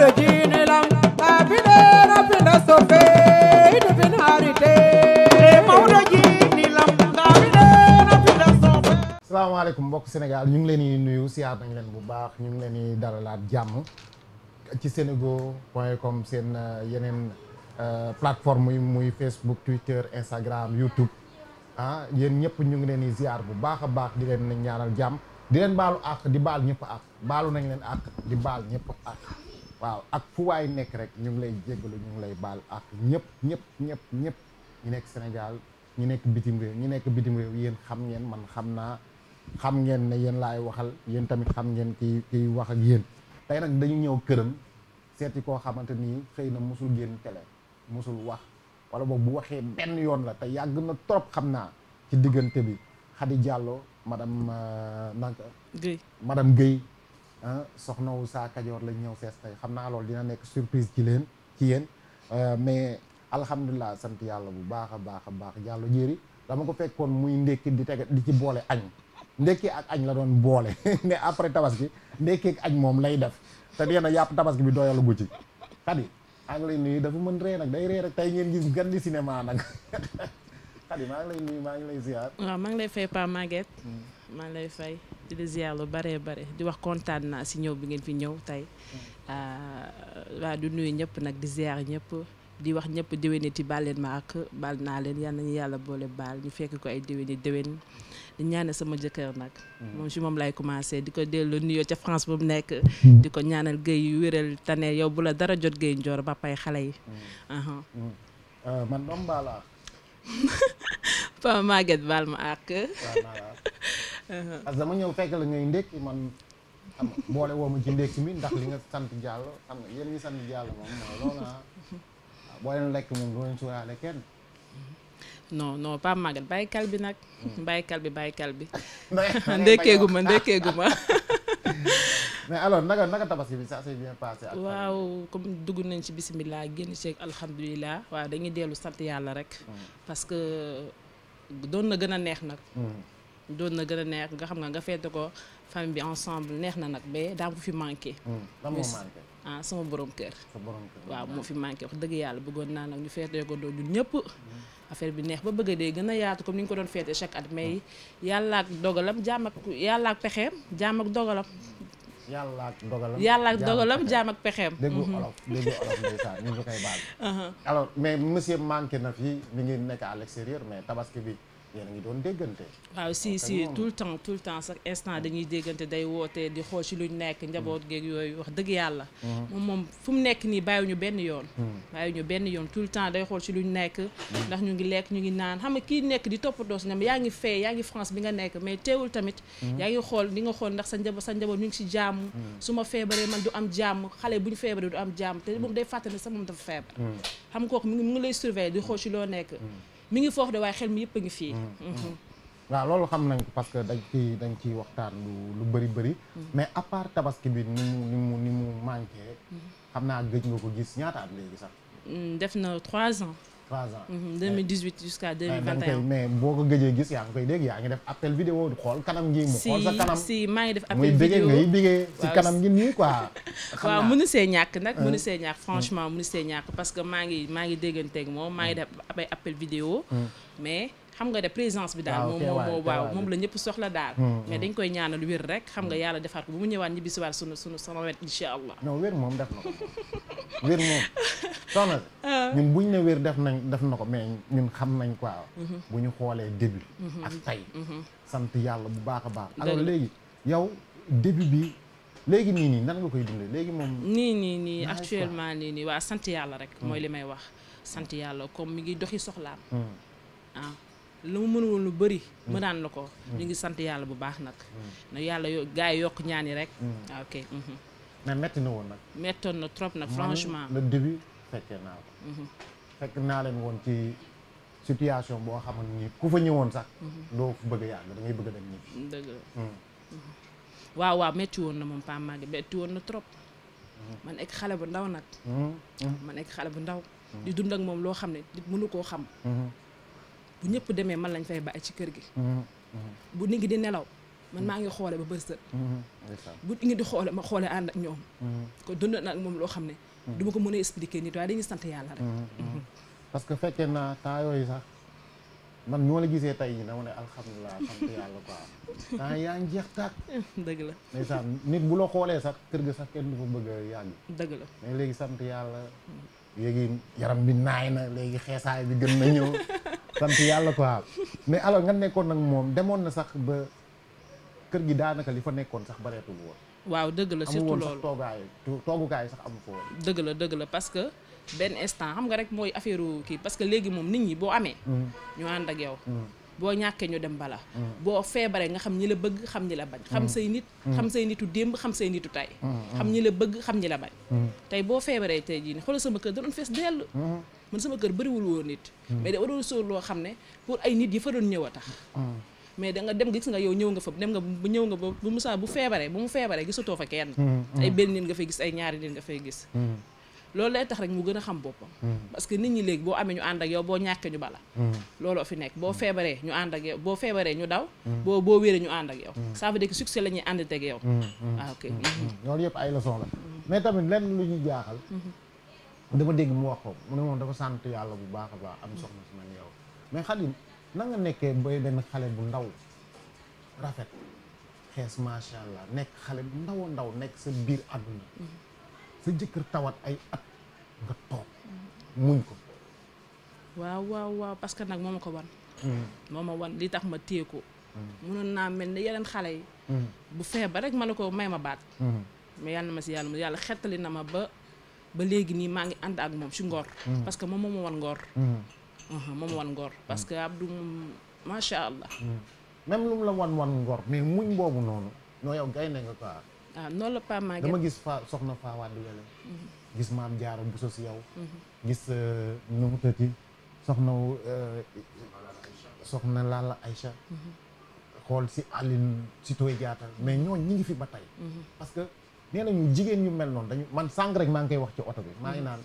ɓeɗo jiinilam abiɗe salaamaaleykum mbokk sénégal ñu ngi leen di nuyu siyaar nañ leen bu baax ñu ngi leen di dalalaat jàmm ci senego point com seen euh, yeneen euh, plateforme muy muy facebook twitter instagram youtube ah yéen ñëpp ñu ngi leen di ziar bu baax a baax di leen ñaanal jàmm di leen baalu àq di baal ñëpp àq baalu nañ leen àq di baal ñëpp àq waaw ak fu waay nekk rek ñu ngi lay jéggalu ñu ngi lay baal ak ñëpp ñëpp ñëpp ñëpp ñu nekk Sénégal ñu nekk bitim réew ñu nekk bitim réew yéen xam ngeen man xam naa xam ngeen ne yéen laay waxal yéen tamit xam ngeen ki kiy wax ak yéen tey nag dañu ñëw këram seeti koo xamante ni xëy na mosul génn télé mosul wax wala boobu bu waxee benn yoon la te yàgg na trop xam naa ci diggante bi jàlloo Diallo madame euh, naka madame Guèye Ah, soxna wu saa kajoor lañ ñëw fees tey xam naa loolu dina nekk surprise ci leen ci yéen euh, mais alhamdulilah sant yàlla bu baax a baax a baax jàllo jéeri dama ko fekkoon muy ndékki di teg di ci boole añ ndékki ak añ la doon boole mais après tabaski ndékki ak añ moom lay def te dee na yàpp tabaski bi doyalu gu ci xadi maa ngi lay nuyu dafa mën ree nag day ree rek tey ngeen gis gan di cinéma nag xadi maa ngi lay nuyu maa ngi lay ziar. waaw maa ngi lay fay mm. maa ngi lay fay. di la ziar lu bare bare di wax kontaan naa si ñëw bi ngeen fi ñëw tey mm. ah, waaw du nuyu ñëpp nag di ziar ñëpp di wax ñëpp déwéniti baal leen ma ak bal naa leen yal nañu yàlla boole baal ñu fekk ko ay déwéni déwén di ñaanal sama jëkkër nag mm. moom si moom lay commencé di ko dellu nuyoo ca France bu mu nekk mm. di ko ñaanal géey yu wéral tane yow bu la dara jot géey njoor ba pay xale yi euh, man doom baa laa baal ma ak Uh-huh. parce que dama ñëw fekk la ngay ndékki man xam nga woo ma ci ndékki mi ndax li nga sant Diallo xam nga yéen ñi sant Diallo moom mooy loolu ah boo bi nag hmm. bàyyi bi bàyyi bi ndékkeegu ma ndékkeegu ma mais alors naka naka tabaski bi ça s'est bien passé waaw comme dugg nañ ci bisimilah génn ci alhamdulilah waaw dañuy dellu sant yàlla rek hmm. parce que doon na gën a neex nag hmm. doon na gën a neex nga xam nga nga feete ko famille bi ensemble neex na nag mais daa ko fi manqué. Hmm. lan moo ah, sama borom kër. sa borom kër waaw moo fi manqué wax dëgg yàlla bëggoon naa nag ñu feetee ko doon ñëpp. Hmm. affaire bi neex ba bëgg a dee gën a yaatu comme ni ñu ko doon feetee chaque at hmm. mais yàlla ak dogalam jaam ak yàlla ak pexeem jaam ak dogalam. yàlla ak dogalam yàlla ak dogalam jaam ak pexeem. déggu mhm. olof déggu olof ñu ngi koy baal. Uh-huh. mais monsieur manqué na fi mi ngi nekk à mais tabaski bi. yéen a ngi doon déggante. waaw si si tout le temps tout le temps sax instant dañuy déggante day woote di xool ci luñ nekk. njaboot geeg yooyu wax dëgg yàlla. Mhm. moom moom fu nekk nii bàyyiwuñu benn yoon. Mhm. bàyyiwuñu benn yoon tout le temps day xool ci luñ nekk. Mhm. ndax ñu ngi lekk ñu ngi naan xam nga kii nekk di toppatoo si ñam yaa ngi fee yaa ngi France bi nga nekk mais teewul tamit. yaa ngi xool di nga xool ndax sa njaboot sa njaboot ñu ngi ci jàmm. su ma feebaree man du am jàmm xale bu ñu feebaree du am jàmm te moom day fàttali sax moom dafa feebar. xam nga kooku mu ngi lay mi ngi foox de waaye xel mi yëpp a ngi fii mm-hmm. Mm-hmm. Mm-hmm. waaw loolu xam nañ parce que dañ ci dañ ciy waxtaan lu lu bëri bëri mais à part tabaski bi ni mu ni mu manqué xam naa gëj nga ko gis ñaata léegi sax mm, def na trois ans trois ans. 2018 mhm, jusqu'à 2021 mais boo ko gëjee gis yaa ngi koy dégg yaa ngi def appel vidéo di xool kanam gi mu xool sa kanam si maa ngi def appel vidéo muy si kanam gi nii quoi. waaw mënu see ñàkk nag mënu mm. see ñàkk franchement mënu see ñàkk parce que maa ngi maa ngi dégganteeg moom maa ngi mm. def appel vidéo mm. mais. xam nga de présence bi daal ah, moom moom waaw moom la ñëpp soxla daal hmm, mais hmm. dañ koy ñaanal wér rek xam nga yàlla defaat ko bu mu ñëwaat ñibbi si waat sunu sunu sama wet incha allah moom na ko wér moom soxna ah. na ko mais ñun xam nañ quoi mm-hmm. bu ñu xoolee début mm-hmm. ak tey mm-hmm. sant yàlla bu baax a bi léegi nii nii nan nga koy dundee léegi moom nii nii nii actuellement nii nii waa sant yàlla rek hmm. mooy li may wax sant yàlla comme mi ngi doxi soxlaam ah lu mu mën lu bëri mu mm. daan la ko mm. ñu ngi sant yàlla bu baax nag mm. na yàlla gaa yi yokk ñaan yi rek waaw ah, ok mm-hmm. mais metti na woon nag mettoon na trop nag franchement le début fekkee naa ko mm-hmm. woon ci situation boo xamante ni ku fa sax mm-hmm. doo bëgg bëgg a dem nii metti woon na moom Pam Maguette woon na trop man ek xale bu ndaw nag man ek xale bu ndaw di dund ak moom loo xam ne nit mënu koo xam bu ñëpp demee man lañ fay bàyyi ci kër gi. Mhm, mhm. bu nit ngi di nelaw man maa ngi xoole ba bërsët. Mhm, bu nit ngi di xoole ma xoole ànd ak ñoom. kon dund na moom loo xam ne. du ko mën a expliquer nit waaye dañuy sant yàlla rek. parce que fekkee naa temps yooyu sax man ñoo la gisee tey jii dama ne alhamdulilah sant yàlla quoi temps yaa ngi jeex tàkk. dëgg la ndeysaan nit bu la xoolee sax kër ga sax kenn du fa bëgg a yàgg. la mais léegi sant yàlla. léegi yaram bi naay na léegi xeesaay bi gën na ñëw. sant yàlla quoi mais alors nga nekkoon nag moom demoon na sax ba kër gi daanaka li fa nekkoon sax bareetul woon. waaw dëgg la surtout loolu amul woon toogaay toogukaay sax amu fa dëgg la dëgg la parce que benn instant xam nga rek mooy affaire kii parce que léegi moom nit ñi boo amee. Mm-hmm. ñu ànd ak yow. Mm-hmm. boo ñàkkee ñu dem bala mm. boo feebaree nga xam ñi la bëgg xam ñi la bañ xam mm. say nit mm. xam say nitu démb xam say nitu tay xam ñi la bëgg xam ñi la bañ tey boo feebaree tey jii ne xoolal sama kër da doon fees dell man kër bëriwul woon nit mais da doon loo xam ne pour ay nit yi fa doon ñëw a tax mais da nga dem gis nga yow ñëw nga fa dem nga bu ñëw nga ba bu musaa bu feebaree bu mu feebaree gisatoo fa kenn ay benn nit nga fay gis ay ñaari nit nga fay gis loolu lay tax rek mu gën a xam boppam. Hmm. parce que nit ñi léegi boo amee ñu ànd ak yow boo ñàkkee ñu bala. Hmm. looloo fi nekk boo hmm. feebaree ñu ànd ak yow boo feebaree ñu daw. boo boo ñu ànd ak yow. ça veut dire que succès la ñuy ànd tege yow. ah loolu yëpp ay la la. mais tamit lenn lu ñuy jaaxal. dama dégg mu wax ko mu ne moom dafa sant yàlla bu baax a baax am soxna si man yow mais Xadim na nga nekkee bay benn xale bu ndaw rafet xees macha allah nekk xale bu ndaw a ndaw nekk sa biir àdduna. sa jëkkër tawat ay at nga toog muñ ko waaw waaw waaw parce que nag moo ma ko wan mm. moo ma wan li tax ma téye ko mënoon mm. naa mel ni yeneen xale yi mm. bu feebar rek ma ne ko may ma baat mais yàlla ma si yàlla yàlla xettali na ma ba ba léegi nii maa ngi ànd ak moom si ngor parce que moom moo ma wan ngor moo ma wan ngor parce que Abdou moom macha allah même lu mu la wan wan ngor mais muñ boobu noonu noo yow gay ne nga quoi waaw ah, noonu la Paa Maguette dama gis fa soxna Faa Wade Wele gis maam jaaro bu so si yow mhm. gis euh, nu mu tëddi soxna euh, soxna Lalla Aïcha mhm. xool si Aline si Toy Diatta mais ñooñ ñi ngi fi ba tey mhm. parce que nee nañu jigéen ñu mel noonu dañu man sàng rek maa ngi koy wax ci oto bi maa ngi naan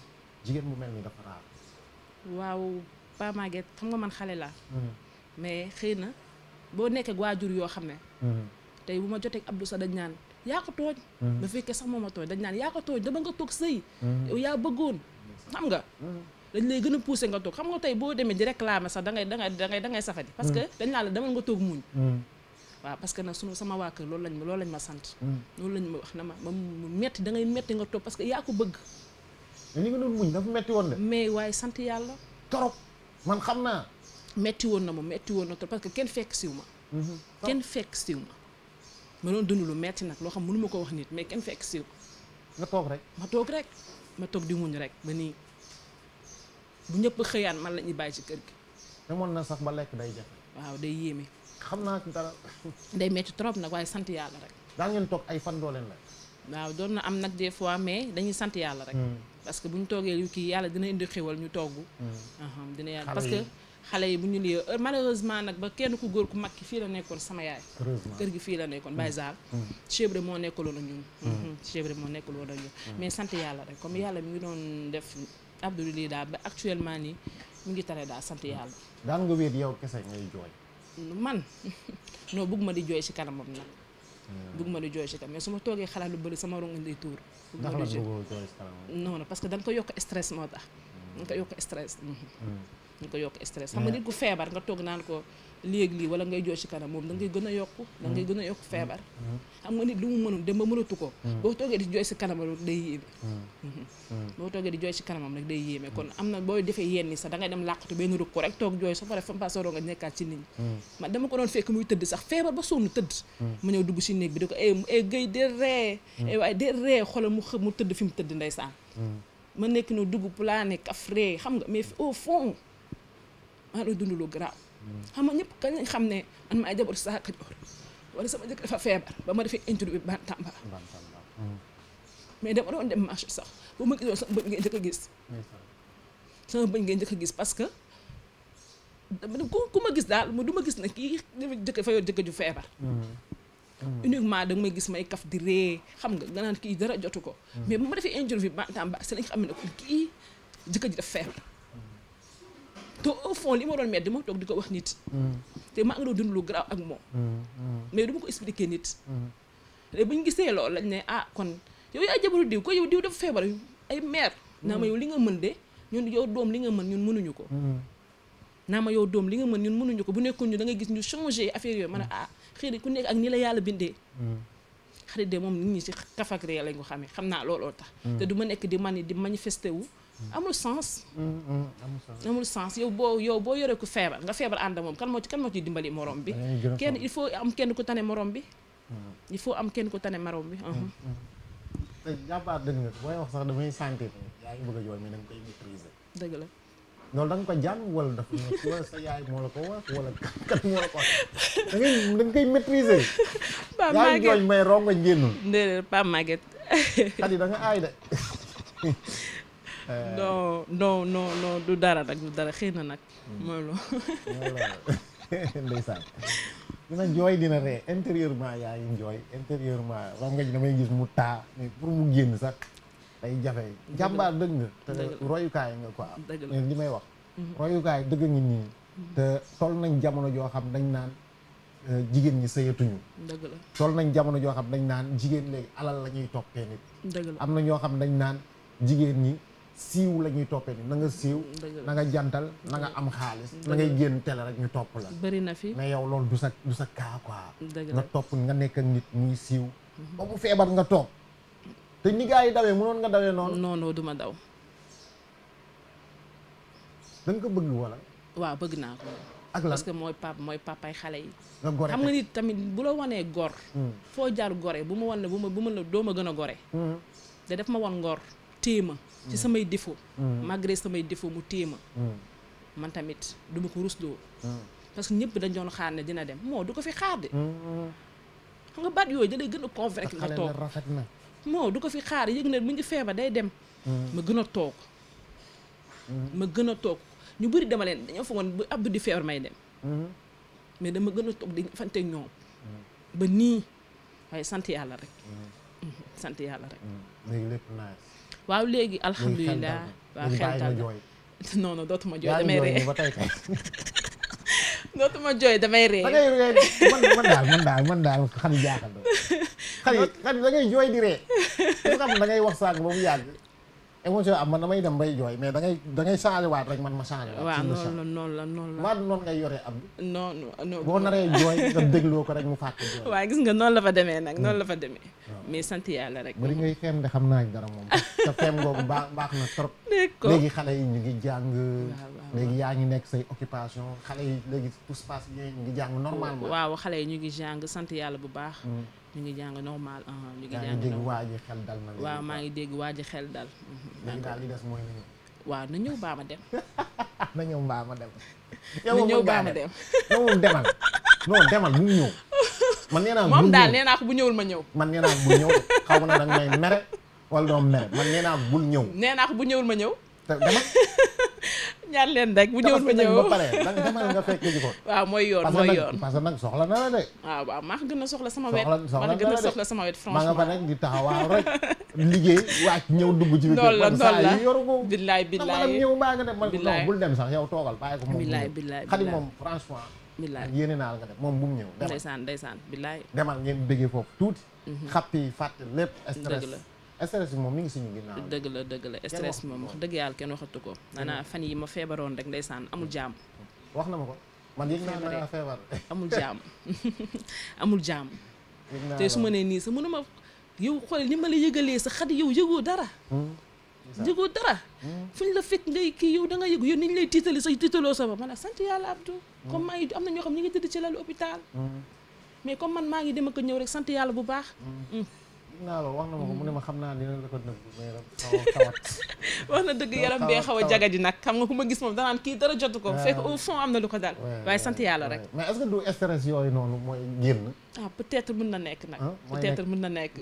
jigéen mu mel ni dafa raar waaw Paa xam nga man xale laa mais xëy na boo nekkee waajur yoo xam ne tey bu ma jotee Abdou Sa dañ ñaan yaa ko tooñ mm-hmm. bu fekkee sax moom a tooñ dañ naan yaa ko tooñ dama nga toog sëy mm-hmm. yow yaa bëggoon xam nga mm-hmm. dañ lay gën a poussé nga toog xam nga tey boo demee di réclamer sax da ngay da ngay da ngay da ngay parce que dañ naan la demal nga toog muñ waaw parce que nag sunu sama waa loolu lañ ma loolu lañ ma sant loolu lañ ma wax na ma ma metti da ngay metti nga toog parce que yaa ko bëgg li nga doon muñ dafa metti woon de mais waaye sant yàlla trop man xam naa metti woon na ma metti woon na trop parce que kenn fekk siw ma fekk siw ma ma doon dund lu metti nag loo xam mënu ma ko wax nit mais kenn fekk si nga toog rek ma toog rek ma toog di muñ rek ba nii bu ñëpp xëyaan man la ñuy bàyyi ci kër gi. demoon na sax ba lekk day jafe. waaw day yéeme. xam naa ci dara. day metti trop nag waaye sant yàlla rek. daa ngeen toog ay fan doo leen la waaw doon na am nag des fois mais dañuy sant yàlla rek. Hmm. parce que bu ñu toogee kii yàlla dina indi xéwal ñu togg. Hmm. dina yàlla parce xale yi bu ñu nee euh, malheureusement nag ba kenn ku góor ku mag ki fii la nekkoon sama yaay. kër gi fii la nekkoon Baye Zall. Mm. Mm. chèvre moo nekkuloon ak ñun. Mm. Mm-hmm. chèvre moo nekk ak ñun. mais sant yàlla rek comme yàlla mu ngi doon def Abdou lii daal ba nii mi ngi tare daal sant yàlla. daan nga wéet yow kese ngay jooy. man non bëgg ma di jooy si kanamam nag. bëgg ma di jooy si kanam mais toogee xalaat lu sama rongo day tuur. bëgg ma parce que dañ ko yokk stress moo tax. dañ ko yokk stress. Mm-hmm. ñu ko yokk stress xam nga nit ko feebar nga toog naan ko léegi lii wala ngay jooy ci kanam moom da ngay mm-hmm. gën a yokk da ngay gën a yokku feebar mm-hmm. xam nga nit lu mu mënul dem ba mënatu ko mm-hmm. boo toogee di jooy ci kanamam rek day yéeme toogee di jooy ci kanamam rek day yéeme kon am na booy defee yenni sax da ngay dem làqatu benn ko rek toog jooy so pare fampasoro nga nekkaat ci nit ñi man dama ko doon fekk muy tëdd sax feebar ba sonn tëdd ma ñëw dugg ci néeg bi di ko eh, eh, ay géy de ree eh, ay de ree xoolal mu xë mu tëdd fi mu tëdd ndeysaan ma nekk no dugg plané kaf ree xam mais au maa ngi dund lu garaaw. xam nga ñëpp kañ lañ xam ne man maay jabar Saa Kajoor wala sama dafa feebar ba ma defee interview bi Bantamba. Bantamba. mais dama doon dem marché sax bu ma gisoon sama ngeen njëkk a gis. sama bëñ ngeen njëkk gis parce que dama ku ku ma gis daal du ma gis ne kii jëkk fa yor ju feebar. Mm-hmm. Mm-hmm. uniquement da nga may gis may kaf di xam nga nga naan kii dara jotu ko. Mm-hmm. mais bu ma defee interview bi Bantamba si lañ xam ne kii jëkk ji daf feebar. te au fond li ma doon mel dama toog di ko wax nit. te maa ngi doon dund lu garaaw ak moom. mais du ma ko expliquer nit. te bu ñu gisee loolu lañ ne ah kon yow yaa jabaru diw ko yow diw def feebar ay mère. naa ma yow li nga mën de ñun yow doom li nga mën ñun mënuñu ko. naa ma yow doom li nga mën ñun mënuñu ko bu nekkoon ñu da ngay gis ñu changé affaire yooyu man ne ah xëy ku nekk ak ni la yàlla bindee. xarit de moom nit ñi ci kafak ree lañ ko xamee xam naa looloo tax. Mm. te du ma nekk di man di manifesté wu. amul sens. Mm, mm, amul sens amul sens yow boo yow boo yoree ku feebar nga feebar ànd moom kan moo ci kan moo dimbali morom bi. kenn il faut am kenn ku tane morom bi. Mm. il faut am kenn ku tane morom bi. Mhm. tey jàmbaar dëgg nga booy sax damay sentir yaa ngi a jooy mais da nga koy maîtriser. dëgg da nga ko jàng wala dafa sa yaay moo ko wax wala kat moo la ko da ngay da koy maîtriser. Pape Maguette yaa ngi aay de. Euh, non non non non dara rek du dara xëy na nag. Hmm. mooy loolu. ndeysaan dina jooy dina ree intérieurement yaa ngi jooy intérieurement wax nga ci damay gis mu taa pour mu génn sax day jafe. jàmbaar dëgg nga. te royukaay nga quoi. dëgg la li may wax. Hmm. royukaay dëgg ngi nii. Hmm. te toll nañ jamono joo xam dañ naan euh, jigéen ñi sëyatuñu. dëgg la toll nañ jamono joo xam dañ naan jigéen léegi alal la ñuy toppee nit. dëgg am na ñoo xam dañ naan jigéen ñi. siiw la ñuy toppee ni na nga siiw mm, na nga jantal na am xaalis mm. na ngay génn télé rek ñu topp la bëri na fi mais yow loolu du sa du sa cas quoi nga topp nga nekk ak nit muy siiw mm-hmm. ba bu feebar nga toog te ni gaa yi dawee mënoon nga dawee noonu non non du ko bëgg wala waaw bëgg naa ko ak lan parce que mooy pap mooy papay xale yi xam nga nit tamit bu la wanee gor mm. foo jaar gore bu ma wan ne bu ma bu ma la doo ma gën a gore mm-hmm. da def ma wan ngor téye ma ci mm. samay défaut mm. malgré samay défaut mu téye ma mm. man tamit du ma ko rusloo parce que ñëpp dañ doon xaar ne dina dem moo du ko fi xaar de xam nga baat yooyu da lay gën a convaincre nga toog rafet na moo du ko fi xaar yëg ne mu ngi feebar day dem ma gën a toog ma gën a toog ñu bëri dama leen dañoo foogoon bu abdu di feebar may dem mais dama gën a toog di fante ñoom ba nii waaye sant yàlla rek mm-hmm. sant yàlla rek waaw léegi alhamdulilah waaw xeltal non non dootuma jooy damay ree dootuma jooy damay ree man daal man daal man daal xani jaaxal xani xani da ngay jooy di ree xam da ngay wax saak ba mu émotion am man damay dem bay jooy mais da ngay da ngay changé waat rek man ma changé waat. waaw noonu la noonu la noonu la. maa noonu ngay yoree am. boo naree jooy nga dégloo ko rek mu fàtte jooy. waaw gis nga noonu la fa demee nag noonu hmm. la fa demee. Hmm. mais sant yàlla rek. bari ngay fem de xam naa dara moom te fem googu baax baax na trop. léegi xale yi ñu ngi jàng. léegi yaa ngi nekk say occupation xale yi léegi tout se passe ñu ngi jàng normalement. waaw xale yi ñu ngi jàng sant yàlla bu baax. Hmm. ñu ngi jàng normal. Uh-huh, ñu ngi jàng dégg waa xel dal. waaw maa ngi dégg waa ji xel dal. Mm-hmm, daal li des mooy na ñëw. waaw na ñëw baa ma dem. na ñëw baa ma dem. yow moom ñëw baa ma dem. moom demal non demal bu mu ñëw. man nee naa ko bu ñëwul ma ñëw. man nee bu ñëw xaw ma na dañ may mere wala ko bu ñëwul ma ñëw. te ñaan leen rek bu ñëwul ma ñëw ba pare danga parce que nag soxla na la de waaw waaw maa gën a sama wet maa gën a soxla sama wet franchement maa nga fa nekk di taxawaaw rek liggéey wàcc ñëw dugg ci biir loolu la loolu la yoru ko billaay billaay sax yow toogal bàyyi ko moom billaay billaay xadi moom franchement billaay yéene naa moom bu mu ñëw ndeysaan ndeysaan billaay demal ngeen bëggee foofu tuuti mhm. xappi fàtte lépp stress stress bi moom mi ngi suñu ginnaaw dëgg la dëgg la stress moom wax dëgg yàlla kenn waxatu ko maanaam fan yi ma feebaroon rek ndeysaan amul jaam wax na ma ko man yëg naa naa feebar amul jaam amul jaam te su ma nee nii sa mënuma yow xool ni ma la yëgalee sa xat yow yëgoo dara hmm? yëgoo dara hmm? fu ñu la fekk ngay kii yow da nga yëgu yow ni ñu lay tiitali sa tiitaloo sa ba man sant yàlla Abdou hmm? comme am na ñoo xam ngi tëdd ci lalu hôpital mais comme man maa ngi dem ak ñëw rek sant yàlla bu baax naa la wax na ma ko mu ne ma xam naa dina la ko nëbbu mais wax na dëgg yaram bee xaw a jagadi nag xam nga ku ma gis moom danaan kii dara jotu ko. fekk au fond am na lu ko daal. waaye sant yàlla rek. mais est que du stress noonu mooy génn. ah peut-être mën na nekk nag. Ah, peut-être mën na nekk.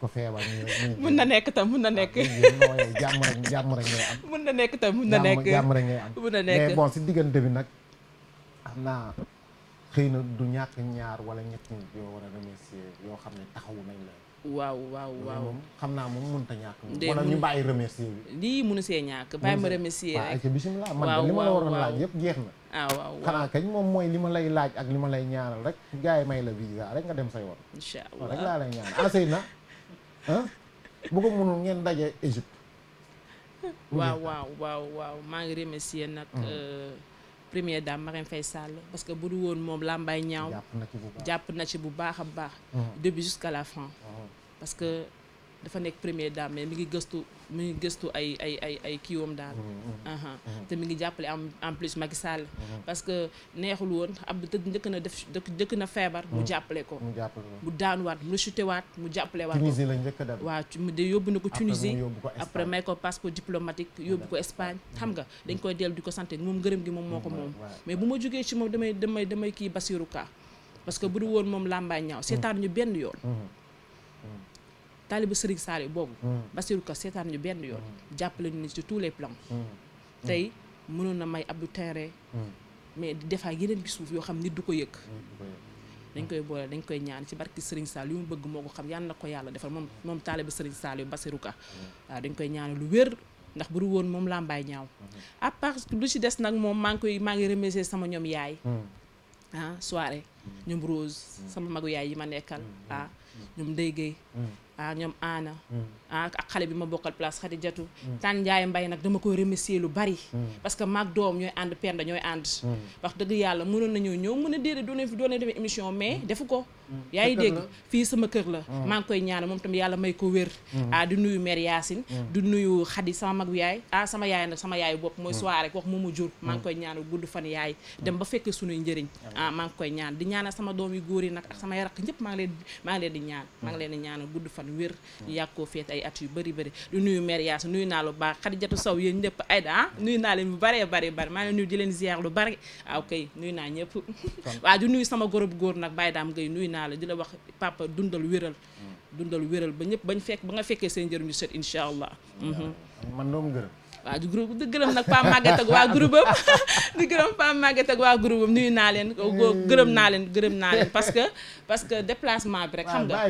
ko feebar mën na nekk tam mën na nekk. Ah, jàmm jàmm rek ngay am. mën na nekk tam mën na nekk jàmm rek ngay si diggante bi nag xam naa. xëy na du ñàkk ñaar wala ñett ñi yoo war a remercier yoo xam ne taxawu nañ la waaw waaw waaw moom xam naa moom mënut ta ñàkk. wala ñu bàyyi remercier bi. lii mënu see ñàkk bàyyi ma remercier rek. waaw ayca bisimilah man li ma la laaj yëpp jeex na. ah waaw xanaa kañ moom mooy li ma lay laaj ak li ma lay ñaanal rek gars yi may la visa rek nga dem say woon. incha allah rek laa lay na ah bu ko mënul ngeen daje Égypte. waaw waaw waaw waaw maa ngi remercier nag. Hmm. Euh, première dame Marème Faye Sall parce que bu du woon moom làmbaay ñaaw jàpp na ci bu baax a baax début jusqu'à la fin parce que dafa nekk premier dame mais mi ngi gëstu mu ngi gëstu ay ay ay ay kiiwam daal. Mhm, mhm, mhm. te mi ngi jàppale en en plus Macky Sall. parce que neexul woon ab dëkk njëkk na def dëkk na feebar. mu jàppale ko mu jàppale ko mu daanuwaat mu waat mu jàppale waat. Tunisie la njëkk a yóbbu na ko Tunisie après may ko passeport diplomatique yóbbu ko Espagne xam nga dañ koy dellu di ko sant moom ngërëm gi moom moo ko moom. mais bu ma jógee ci moom damay damay damay kii Basirou Ka parce que bu du woon moom làmbaay ñaaw seetaan ñu ben yoon. taalibu Serigne Saliou boobu. Mm. Bassirou Ka seetaan ñu benn yoon. Mm. jàppale ñu ci tous les plans. Mm. tey mënoon na may ab du terrain. mais di defaat yeneen bi suuf yoo xam nit du ko yëg. dañ koy boole dañ koy ñaan ci barki Serigne Sall yu mu bëgg moo ko xam yàlla na ko yàlla defal moom moom taaliba Serigne Sall yu Bassirou Ka waaw dañ koy ñaan lu wér ndax bu dul woon moom laa làmbaay ñaaw. Mm-hmm. à part lu ci des nag moom maa ngi koy maa ngi remercier sama ñoom yaay. ah soirée. ñoom magu yaay yi ma nekkal ah ñoom Ndeye Gueye ah ñoom aana mm. ah ak xale bi ma bokkal place xati jatu mm. tàn njaay mbay nag dama koy remercier lu bari mm. parce que maag doom ñooy ànd penda ñooy ànd wax dëgg yàlla mënoon nañoo ñëw mën a déedéet doon fi doon nañ demee émission mais ko yaa ngi dégg fii sama kër la maa ngi koy ñaan moom tamit yàlla may ko wér ah di nuyu mère Yacine di nuyu xadi sama mag yaay ah sama yaay nag sama yaay bopp mooy soirée rek wax moo ma jur maa ngi koy ñaan gudd fan yaay dem ba fekk suñuy njëriñ ah maa ngi koy ñaan di ñaanal sama doom yu góor yi nag ak sama yaraq ñëpp maa ngi leen maa leen di ñaan maa ngi leen di ñaan gudd fan fan wér ñu yàgg koo feet ay at yu bëri bëri du nuyu mère nuyu naa lu baax Xadijatu Saw yéen ñëpp Aïda ah nuyu naa leen bu bëree bëri bari maa ngi nuyu di leen ziar lu bëri waaw ah, kay nuyu naa ñëpp waaw du nuyu sama gorob góor nag bay Daam Gueye nuyu naa la di la wax papa dundal wéral mm. dundal wéral ba ñëpp bañ fekk ba nga fekkee seen njëriñu set incha allah mhm. waa groupe di gërëm nag Pam Maguette ak waa groupe am di gërëm Pam Maguette ak waa groupe am nuyu naa leen gërëm naa leen parce que parce que déplacement bi rek xam nga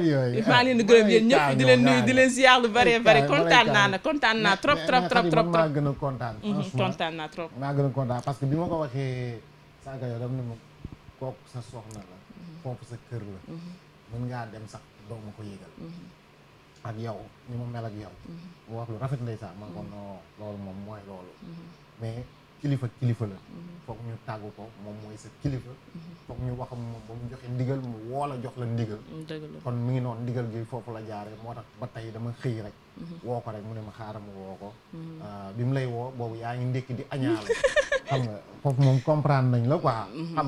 maa leen di gërëm yéen ñëpp di leen nuyu di leen ziar lu bëree bëri kontaan naa nag kontaan naa trop trop trop trop a kontaan mhm, kontaan trop maa gën a kontaan parce que bi ma ko waxee sànq yow dam ne ma kooku sa soxna la mhm. kooku sa kër la mhm. mën ngaa dem sax doo ma ko yëgal ak yow ni mu mel ak yow. Mm-hmm. mu wax lu rafet ndeysaan man ko non loolu moom mooy loolu. Mm-hmm. mais kilifa kilifa la. Mm-hmm. foog ñu tàgg ko moom mooy sa kilifa. foog ñu wax moom ba mu joxee ndigal mu woo la jox la ndigal. Mm, kon mi ngi noonu ndigal gi foofu la jaaree moo tax ba tey dama xëy rek. woo ko rek mu ne ma xaaral ma woo ko. Ah, bi mu lay woo boobu yaa ngi ndékk di añaale. xam nga foofu moom comprendre nañ la quoi. xam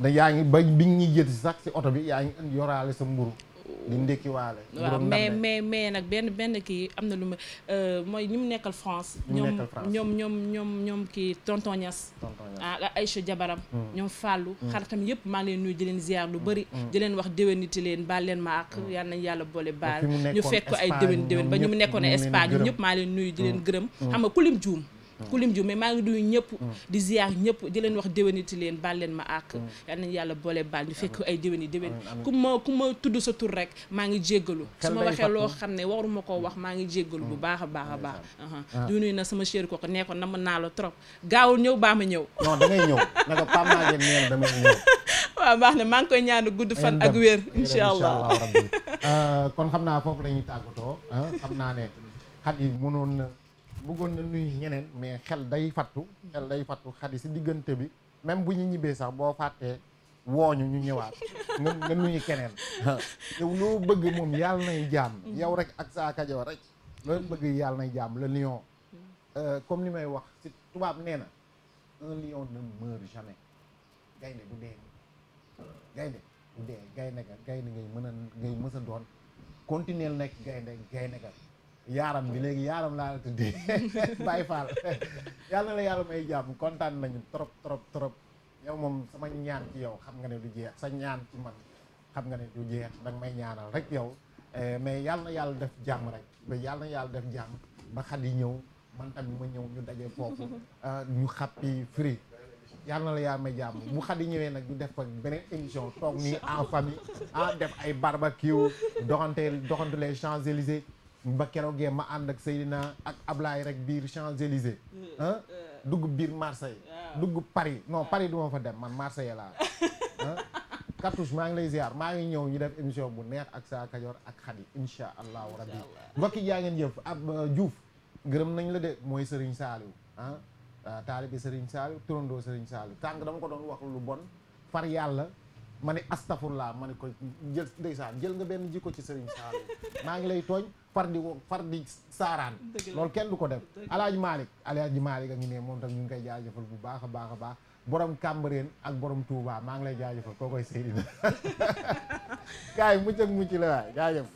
nga yaa ngi ba bi ñu jëti sax si oto bi yaa ngi yoraale sa mburu di ndékkiwaale. waaw mais mais mais nag benn benn kii am na lu ma euh, mooy ñi mu nekkal France. ñoom ñoom ñoom ñoom ñoom kii ay Niass. ah Aïcha Jabaram. Hmm. ñoom Fallou. Hmm. xaritam yëpp maa ngi leen nuyu di leen ziar lu hmm. bari di leen wax déwéniti leen baal leen ma ak yal nañu yàlla boole baal. ñu fekk ko ay déwén déwén ba ñu mu nekkoon Espagne ñëpp maa leen nuyu di leen gërëm. xam nga juum. ku lim ju mais maa ngi nuyu ñëpp mm. di ziar ñëpp di leen wax déwéniti leen baal leen ma àq mm. yal nañu yàlla boole baal ñu fekk ay déwéni déwén ku ma ku ma tudd sa tur rek maa ngi jéggalu su ma waxee loo xam ne waruma koo wax maa ngi jéggalu bu mm. baax a baax a baax ah. di nuyu na sama chéri kooku nee ko nam naa la trop gaawul ñëw baa ma ñëw non dangay ñëw naka pam naa ngeen neen damay ñëw waaw baax ne maa ngi koy ñaanu gudd fan ak wér incha allah ah, kon xam naa foofu lañuy ñuy ah. xam naa ne xat yi mënoon bëggoon na nuyu ñeneen mais xel day fattu xel day fattu xadi si diggante bi même bu ñu ñibbee sax boo fàttee wooñu ñu ñëwaat nga nga keneen yow loo bëgg moom yàlla nay jaam yow rek ak saa Kajoor rek loolu bëgg yàlla nay jaam le lion euh, comme ni may wax si tubaab nee na un lion ne jamais gaynde bu dee gaynde du dee gaynde ga gaynde ngay mën a ngay mës a doon nekk gaynde gaynde ga yaaram bi léegi yaaram laa la tuddee Baye Fall yàlla na la yàlla may jàmm kontaan nañu trop trop trop yow moom sama ñaan ci yow xam nga ne du jeex sa ñaan ci man xam nga ne du jeex danga may ñaanal rek yow eh, mais yàlla yàlla def jàmm rek ba yàlla yàlla def jàmm ba xat yi ñëw man tamit ma ñëw ñu daje foofu ah, ñu xàppi free yàlla na la yàlla may jàmm bu xadi ñëwee nag ñu def ak beneen émission toog nii en famille ah def ay barbecue doxante doxante les champs ba keroogee ma ànd ak Seydina ak ablaay rek biir Champs-Élysées ah dugg biir Marseille dugg Paris non ah. Paris du ma fa dem man Marseille laa Cartouche maa ngi lay ziar maa ngi ñëw ñu def émission bu neex ak saa Kajoor ak Xadi insha allahu rabbi mbokki yaa ngeen jëf ab euh, Diouf gërëm nañ la de mooy Serigne Saliou ah euh, taalibi Serigne Saliou turandoo Serigne Saliou tànk dama ko doon wax lu bon far yàlla ma ne astafurlaa ma ne ko jël ndeysaan jël nga benn jikko ci sëriñ Saalum maa ngi lay tooñ far di wo far di saaraan loolu kenn du ko def alaaji Malick alaaji Malick a ngi ne moom tam ñu ngi koy jaajëfal bu baax a baax a baax borom Cambérène ak boroom Touba maa ngi lay jaajëfal koo koy Seydina gars yi mucc ak mucc la waay jaajëf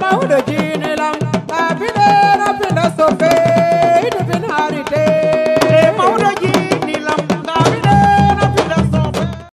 mawɗo jiinilam ɓaabine rapina so feydu bin harite